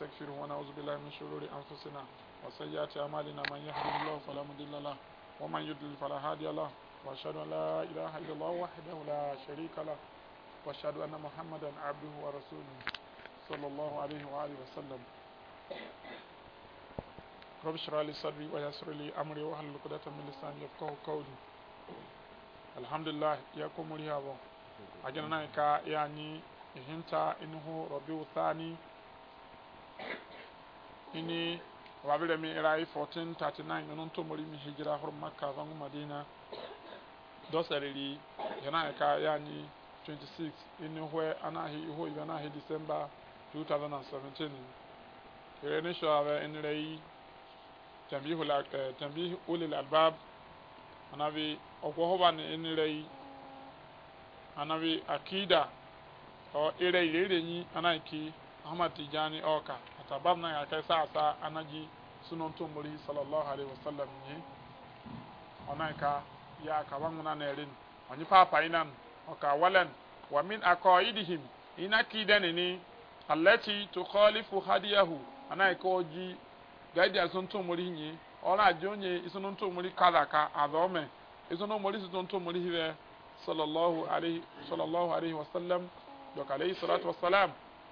ونستغفره ونعوذ بالله من شرور أنفسنا وسيئات أعمالنا من يهده الله فلا مضل له ومن يضلل فلا هادي له وأشهد أن لا إله إلا الله وحده لا شريك له وأشهد أن محمدا عبده ورسوله صلى الله عليه وآله وسلم رب اشرح لي صدري ويسر لي أمري واحلل عقدة من لساني يفقهوا قولي الحمد لله يا كومري هابو أجننا كا يعني إهنتا إنه ربي ثاني ini wabire mi rai 1439 nun to mori mi hijira hor makka zangu madina dosariri yana ka yani 26 ini hwe anahi iho ibe anahi december 2017 kire ni sho ave ini rei tambihu eh, la tambihu ulil albab anabi okwo hoba ni ini rei anabi akida o ire ire ni anaki ahmad tijani ɔka atabam na yaka sa asa anagye sunan tumuri sallallahu alaihi wasallam nye ɔnan ka ya akaba ŋuna na ɛrin ɔnye paapa inan ɔka walan wa min akɔidihim ina kidani ni alati tukhalifu hadiyahu ɔnan ka ɔgyi gaidi asun tumuri nye ɔna agye onye isunun tumuri kalaka adɔme isunun tumuri isunun tumuri hibɛ sallallahu alaihi sallallahu alaihi wasallam dɔkalai salatu wasalam.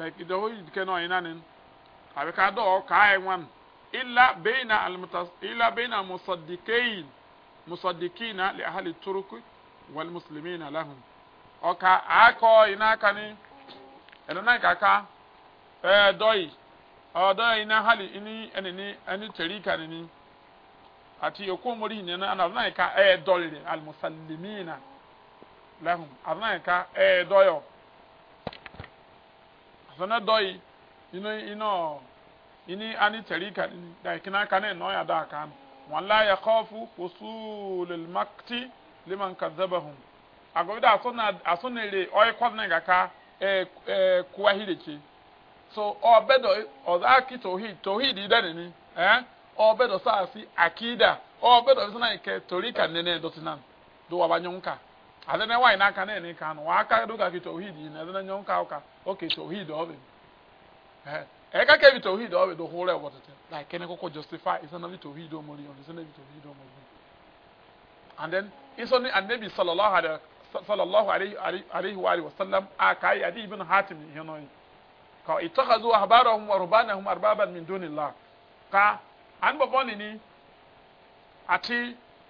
like ido hoyi dike no ina nin abi ka do ka ai wan illa baina al mutas illa baina musaddiqin musaddiqina li ahli turk wal muslimina lahum o ka ako ina ni. eno na ka ka eh doi o oh, doi ina hali ini enini ani terika ni ati okwo mori ni na na na ka eh doi al muslimina lahum arna ka eh doyo oh. sana doi ino ino ini ani tarika da kina kana no da kan wala ya khafu husul al makti liman kadzabahum agobida asona asona le oy kwazna gaka eh eh kuwahireke so obedo ozaki tohid tohid idanini eh obedo saasi akida obedo sana ke torika nene dotinan do wabanyon ka ade na wai n'aka na ene ka no waka do ka ki tauhid ni na na nyonka oka okay tauhid obe eh e ka ke bi tauhid obe do hore wotete like kene ko justify is na bi tauhid o mori on is na bi tauhid o mori and then is on annabi sallallahu alaihi sallallahu alaihi wa alihi wasallam aka yi adi ibn hatim he no ka ittakhadhu ahbarahum wa rubbanahum arbaban min dunillah ka an baboni ni ati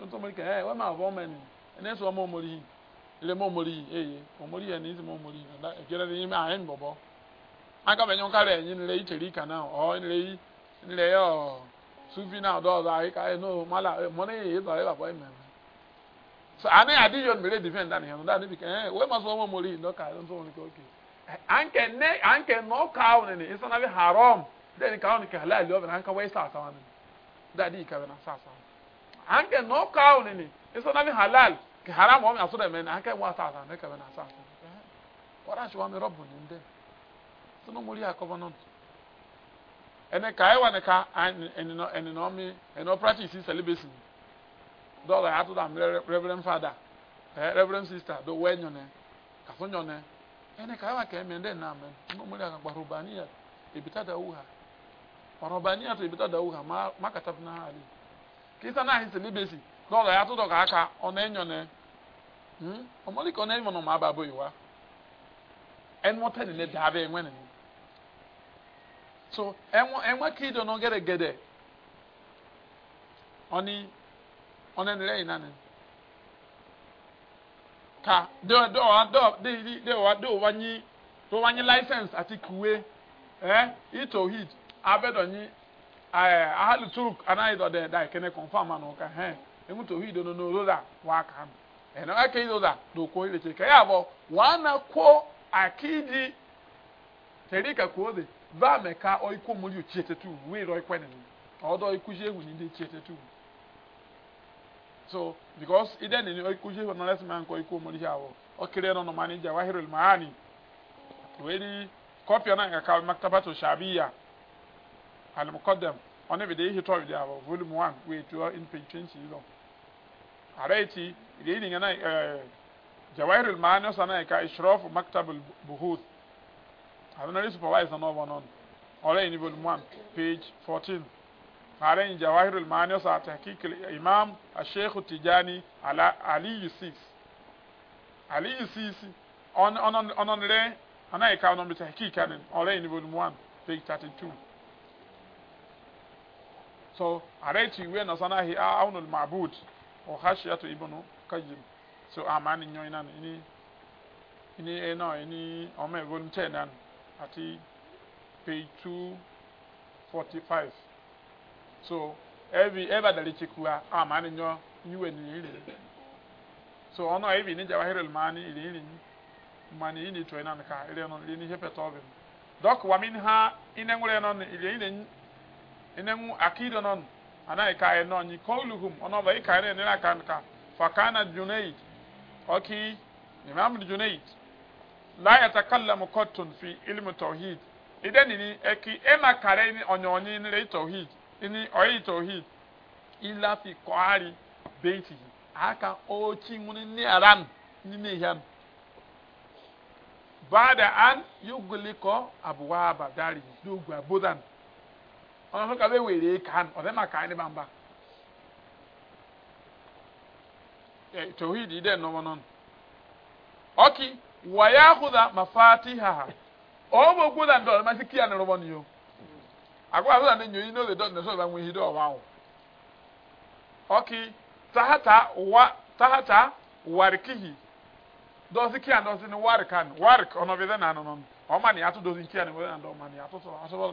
lọ́tọ́ mọ́rí kẹ́ ẹ wọ́n máa fọ́ ọmọ ẹni ẹni ẹ̀sọ́ ọmọ ọmọ rí ilé mọ́ ọmọ rí eye ọmọ rí ẹni ìsìn mọ́ ọmọ rí ẹ̀jẹ̀rẹ̀ ní ẹ̀mí àhẹ́ mbọ̀bọ̀ akọ́bẹ̀ ẹ̀yọ́ nkárẹ̀ ẹ̀yìn nílẹ̀ ìtẹ̀rí kan náà ọ̀ nílẹ̀ yìí nílẹ̀ yọ sufi náà ọ̀dọ́ ọ̀dọ́ àyíká ẹ̀ nọ mọ́lá mọ́lá yìí ìtọ̀ ẹ̀ bàbá ẹ̀mẹ̀ so àná àdíjọ mèrè dìfẹ́ǹd dání ẹ̀rọ dání bìkẹ́ ẹ̀ wẹ́ẹ́ máa sọ ọmọ mọ́lí ìdọ́kà ẹ̀ ń sọ wọn kí ókè ànkẹ́ nẹ́ ànkẹ́ nọ́ káwọn nìyí ìsanáwó haram dẹ́ni káwọn nìkẹ́ halal lọ́bẹ̀ náà ànkẹ́ wẹ́ẹ́ sàásà wọn nìyí dáadé ìkàwé náà sàásà wọn. anke no kawo ni ni eso na mi halal ke haram wa mi aso da men anke wa ta ta ne ka men asa asa ora shi wa mi robu ni nde so no muri akobo no ene ka e wa ne ka ene no ene no mi ene o practice celibacy dollar atu da mi reverend father eh reverend sister do we nyone ka so nyone ene ka wa ke men de na men no muri akagba rubania ibitada uha Warobania tu ibitada uha ma makatabna hali kisa na ahịsị libesi dọla ya tụdọ ka aka ọ na-enyo ne hmm? ọmọlịka ọ na-enyo na ụmụ ababụ iwa enwota nile dabe enwe nile so enwe enwe ka ido n'ogere gede ọni ọni nile yi nani ka dọ dọ dọ dị dọ dọ wanyi dọ wanyi laisens ati kuwe ẹ eh? itohid abedonyi ahali turuk anaghị dọdọ da ekene confam anụ ụka he enwuto hido no n'olola wa aka m ene aka ilola dokwo ileche ka ya bụ wana kwo akidi terika kwode va meka oiku muri uchietetu we ro ikwene ni odo iku na ni de chietetu so because iden ni oiku jewu na lesi man ko iku muri jawo okire no no manager wahirul wee weri kọpịa na ka maktabatu shabiya al muqaddam ɔne bi de ehi tɔ bi de abɔ volume one wei to in page twenty yi lɔ ara eti de yi nyina ɛɛ jawahiri maa ne san ka isorɔfo maktabul buhut abinari supervisor na ɔbɔ no ɔrɛ yi ni volume one page fourteen ara yi jawahiri maa ne san tahkik imam asheikh tijani ala ali yusuf ali yusuf ɔnɔnrɛ ana yi ka ɔnɔ bi tahkik ani ɔrɛ yi ni volume one page thirty two. so araiti we na sana hi aunul ma'bud o hashiyatu ibnu kajim so amani nyoy nan ini ini e no ini o me volume 10 nan ati page 245 so every ever da lichikua amani nyo niwe ni ile so ono evi ni jawahirul mani ile ile mani ini to nan ka ile no ile ni hepe tobim dok wa minha inengure no ile ile enemu akido non ana ikaye non ni qawluhum ono ba ikaye ne la kan ka fa kana junayd oki imam junayd la yatakallamu qattun fi ilmi tauhid idan ni eki ema kare ni onyonyi ni re tauhid ni oyi tauhid illa fi qari beiti aka ochi mun ni aran ni ne yan bada an yugliko abwaba dari dugu abudan ọ̀nà sọ́kà bẹ́ẹ̀ wèrè kan ọ̀bẹ́ máa kàn ní bàbá tòhídìí dẹ́ nọ́mọ́ náà ọ̀kì wàyà àkúdà màfàtì hàhà ọ̀bọ̀ o ọ̀kì tahata wa tahata warikihi dɔsi kia dɔsi ni warik kan warik ɔnɔ bi dɛ nanu nɔnu ɔma ni ato dɔsi kia ni wɛrɛ nanu ɔma ni ato sɔrɔ asɔrɔ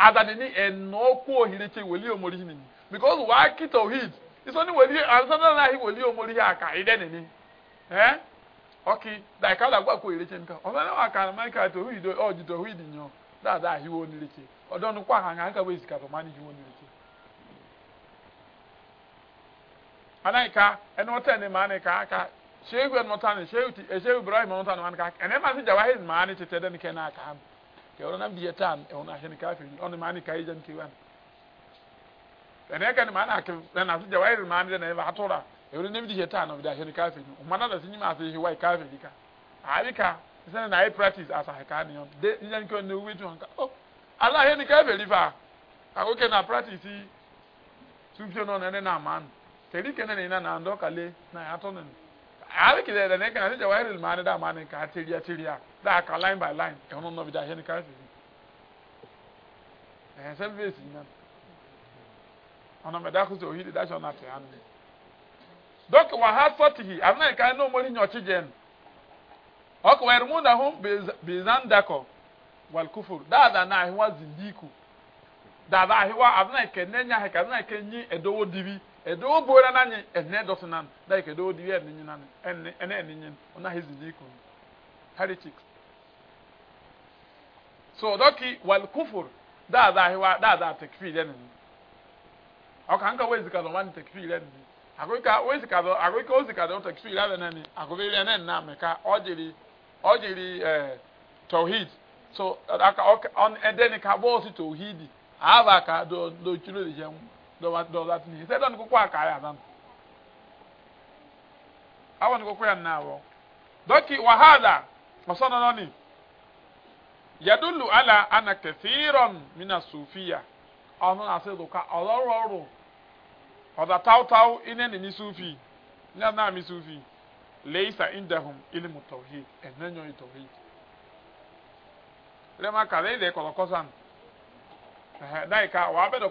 adanini ẹnọ kú òhìrì kye wòlí òmòrì yìí nìyí because wàá kí tawhid ìsọní wòlí ànsánná náà hí wòlí òmòrì yìí àkà ìdẹ nìyí ẹ ọkì dàìkà làgbà kú òhìrì kye nǹkan ọmọ náà àkà àmà ìkà tawhid ọjì tawhid yìí dáadáa hí wọ́n nílì kye ọdọ́ ní kó àhàngà ńkà wọ́n tó má ní hí wọ́n nílì màá ní kẹwọn nam na. yẹ tan ẹwọn náà hẹn káfíìn ni ọ̀nà màá na káyé jẹ́ nkéwà ni ẹnì ẹ̀ka ni màá nà kẹ ẹ̀ nà sọjà wáyé màá ni dẹ̀ di yẹ tan ọ̀nà hẹn káfíìn ni ọ̀ma náà sẹ́yìn máa sẹ́yìn wáyé káfíìn ala hẹn káfíìn fa àkókè nà na sùpìọ̀ náà nà ari kide da ne kana ne jawahir mani da mani ka tiriya tiriya da ka line by line e hono no bi da hen ka fi eh service ina ona me da ku so hidi da shona te anu dok wa hasatihi amna e, ka no mori nyo chijen ok wa irmuna hum bi zandako wal kufur da da na hiwa e, zindiku da da hiwa e, amna ke nenya ka na ke nyi edowo dibi edo obora nanye ene dot nan na ke do di ye ni nyina ene ene ene nyin ona hezi di ku hari chicks so doki wal kufur da da hiwa da da takfir ene ni o kan ka wezi ka do wan takfir ene ni akwai ka wezi ka do akwai ka wezi ka do takfir ene ni akwai ene na ọ jiri ojiri ojiri eh tauhid so aka on edeni ka bo si tauhidi aba ka do do chulu ya. jamu dɔwɔdɔwɔdati ni sɛ dɔni koko aka ya awɔ ni koko ya nna awɔ dɔki wahada ɔsɔn nọ ni yadulu ala ana kɛsirɔn mina sufiya ɔno asị do ka ɔlɔrɔrɔ ɔda tawtaw ina ni mi sufi ina na mi sufi leisa indahum ilimu tawhid ɛnɛ nyɔ yi tawhid rɛma kare de kɔlɔkɔsan ɛhɛ dayi ka wa abɛ dɔ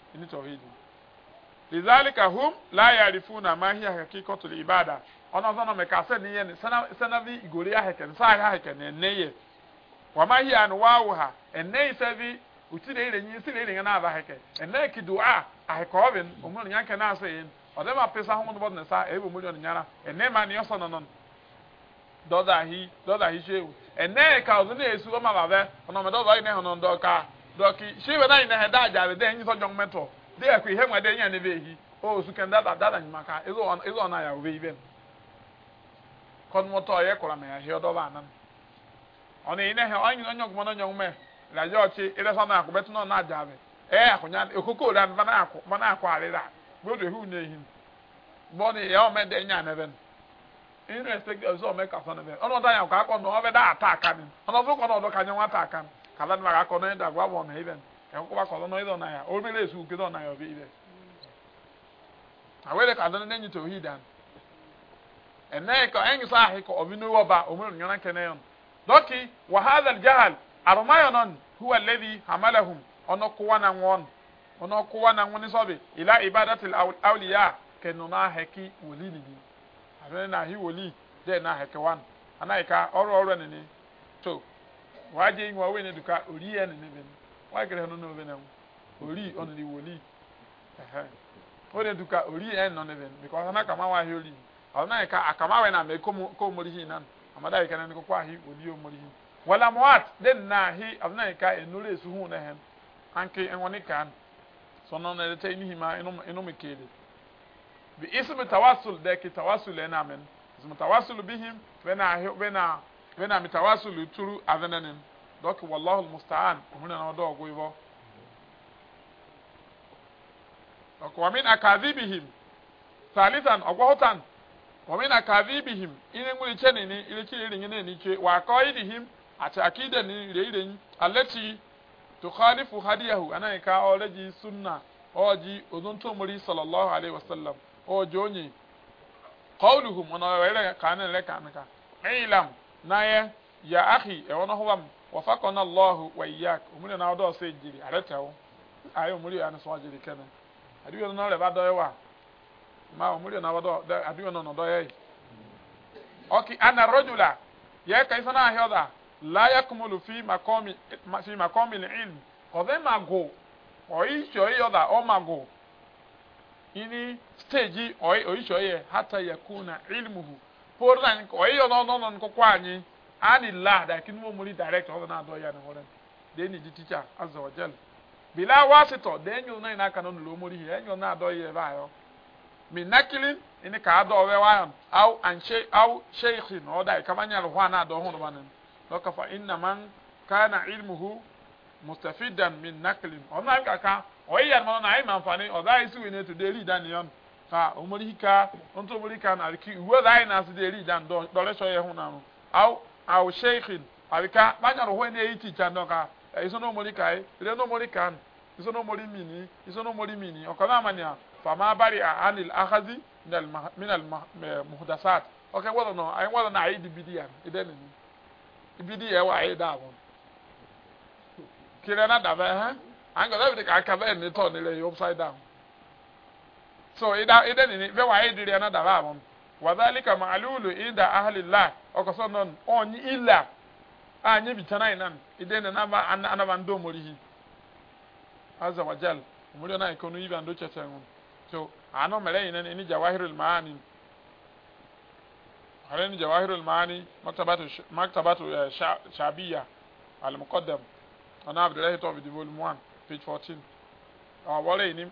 ini tauhidi lidhalika hum la yarifuna ma hiya hakikatu ona ni sana sana vi igori aheke aheke neye wa ma hiya utire ire nyi sire ire ki dua aheke omun nyanke na yin ode ma pesa bod ne sa nyara ma ni doda hi doda hi ka na esu o ma ona me doda ine dɔki sibe na yina hɛ da ajaare dɛ nyi sɔjɔn mɛtɔ de ɛkò ihe ŋmɛ de nyɛ ne bɛ yi o su kɛn dada dada nyuma ka ezo ɔn ezo ɔn ayaw bɛ yi bɛn kɔnumɔtɔ yɛ anan ɔne yina hɛ ɔnyi ɔnyɔ na ɔnyɔ mɛ lajɛ ɔkye eresa na akɔ bɛtɛ na ɔna ajaare e, akonya ekoko ra ba na akɔ ba akɔ ale ra gbɔdɔ ehu ne bɔni ɔmɛ bɛn inu ɛsɛ ɔmɛ ne ɔnɔ kala ni maka kɔnɔ ɛda gba wɔn na ibɛn ɛn kɔba kɔnɔ na ɛdɔ na ya o mele esu ke dɔ na ya ɔbi ibɛ awele ka dɔn n'enyi to hi dan ɛnɛ kɔ ɛnyi sa ahi kɔ ɔmi n'owó ba ɔmi n'onyɔna kɛnɛ yɔn dɔki wahadal jahal aromayɔ nɔn huwa levi hamalahum ɔnɔ kowa na ŋɔn ɔnɔ kowa na ŋɔn nisɔbi ila ibadatil awliya kɛnu na hɛki woli nini afɛnɛ na hi woli dɛ na hɛkɛ wan ana yi ka ɔrɔ ɔrɔ nini to. So, waje yin wawe ne duka ori ya ne nebe wa kere no no na ori on ni woli eh eh ori duka ori ya no nebe because na kama wa hi ori ona ka akama we na me ko ko mori hi na amada ka ne ko kwa hi woli o mori hi wala muat den na hi ona ka enure su hu na hen anke enwoni kan so no na te ni ma eno eno me kele bi ismi tawassul de ki tawassul na men ismi tawassul bihim bena bena bena mitawasulu turu avenanin dɔki wallahu musta'an ohun na ɔdɔ ɔgo ibɔ dɔki wɔmin akadhibihim salisan ɔgɔhotan wɔmin akadhibihim ine ŋmuli kye nini ile kye iri nyine ni kye wa akɔyidihim ati akida ni ire ire nyi alɛti tukhalifu hadiyahu ana yi ka ɔlɛji sunna ɔɔji ozontomori sallallahu alaihi wasallam ɔɔji onye kɔɔluhum ɔnɔ ɛrɛ kaanɛ ɛrɛ kaanɛ ka ɛyilam. Naye ya ahi ɛwɔ e no ho wam na lɔɔho wa iyak omuli na ɔdɔ ɔsɛ jiri, arɛtɛ wo ayɛ omuli yɛ anisɔn gyiri kɛnɛ adiwɛ no ɔlɛ ba dɔyɛ wa ma omuli na ɔdɔ dɛ adiwɛ no ɔdɔ yɛ ɔki ana rɔdula ya kɛyi sɛ n'ahɛ ɔda laaya kumulu fi makɔmi fi makɔmi lɛɛn ɔdɛ ma go ɔyi sɔ yi ɔda ɔma go ini stage ɔyi ɔyi sɔ yɛ hata yɛ kuna ilmuhu. fóònù náà nìkan ọ̀yẹ́ ọ̀nà ọ̀nà ọ̀nà kókó ànyí àní là dàkí na wọ́n direct ọ̀dọ̀ náà dọ̀ ni di tíjà azọ ọ̀jẹ̀lì bìlá wàásìtọ̀ dé ẹ̀yìn ọ̀nà yìí nàkànnà ọ̀nà lọ́mọ́rì yìí ẹ̀yìn ọ̀nà àdọ̀ yìí ẹ̀bá yọ. mi nakili ẹni kà á dọ̀ ọ̀wẹ́ wáyà man ilmuhu mustafidan ha omorika nto omorika na riki uwe dai na se deri dan do dole so ye hu na no au au sheikhin abika banya ro hwe ne iti chan do ka e, iso no omorika e re no omorika iso no omori mini iso no omori mini o kala mania fa ma bari anil akhazi min al min al muhdasat okay wala no ay wala na idi bidiya iden ni ibidi e wa ayi da won kire na da ba ha an go da bi ka ka ba ni to ni le upside down so ida ida ni ve wa idiri na da ba mun wadhalika ma'lulu inda ahli llah okoso non onyi illa anyi bitana inan ide na na ana ba ndo morihi azza wa jal muri na ikonu ibe ando cheten so ano mere inan ni jawahirul maani halin jawahirul maani maktabatu maktabatu eh, shabiya al muqaddam ana abdullah tawbi volume 1 page 14 awale ni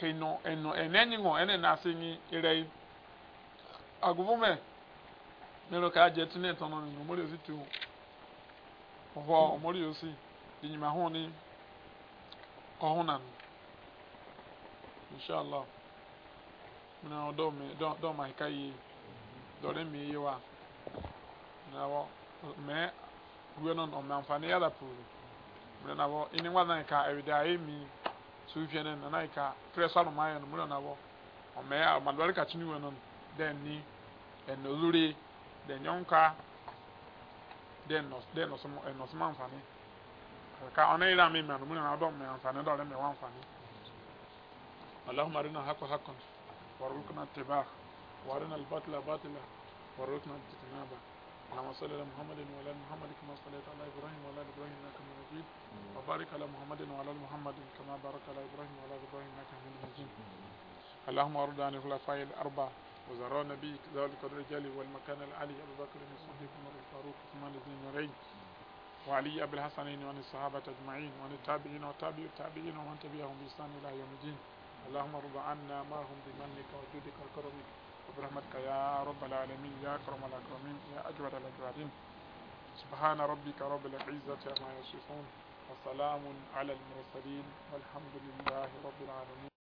kino eno enenyi ngo ene nasingi irei aguvume mero ka je tine tono ni muri ozitu oho muri osi inyima ho ni ohuna inshallah mna odo mi do do mai do mi na wo me ruwe non ala puru na wo ini ka ewida mi suhwɛ ne na yi ka fere salom ayɛ no mu nana wɔ ɔmɛ a ɔmadɔre kakyi ne wɔ no dɛn ni ɛnɔlure dɛn nyɔnka dɛn nɔs dɛn nɔsɔm ɛnɔsɔm anfani ka ɔne yɛrɛ a mi mɛ no mu nana dɔn mɛ anfani dɔn mɛ wɔ anfani alahuma arina hakɔ hakɔn wɔrɔkuna tebaa wɔrɔna batila batila wɔrɔkuna titinaba. اللهم صل على محمد وعلى ال محمد كما صليت على ابراهيم وعلى ال ابراهيم انك حميد مجيد وبارك على محمد وعلى ال محمد كما باركت على ابراهيم وعلى ال ابراهيم انك حميد مجيد اللهم ارض عن الخلفاء الاربعه وزراء نبيك ذلك الرجال والمكان العلي ابو بكر الصديق عمر الفاروق عثمان بن نورين وعلي ابي الحسنين وعن الصحابه اجمعين وعن التابعين وتابع التابعين ومن تبعهم باحسان الى يوم الدين اللهم ارض عنا ما هم بمنك وجودك وكرمك برحمتك يا رب العالمين يا أكرم الأكرمين يا أجود الأجودين سبحان ربك رب العزة عما يصفون وسلام على المرسلين والحمد لله رب العالمين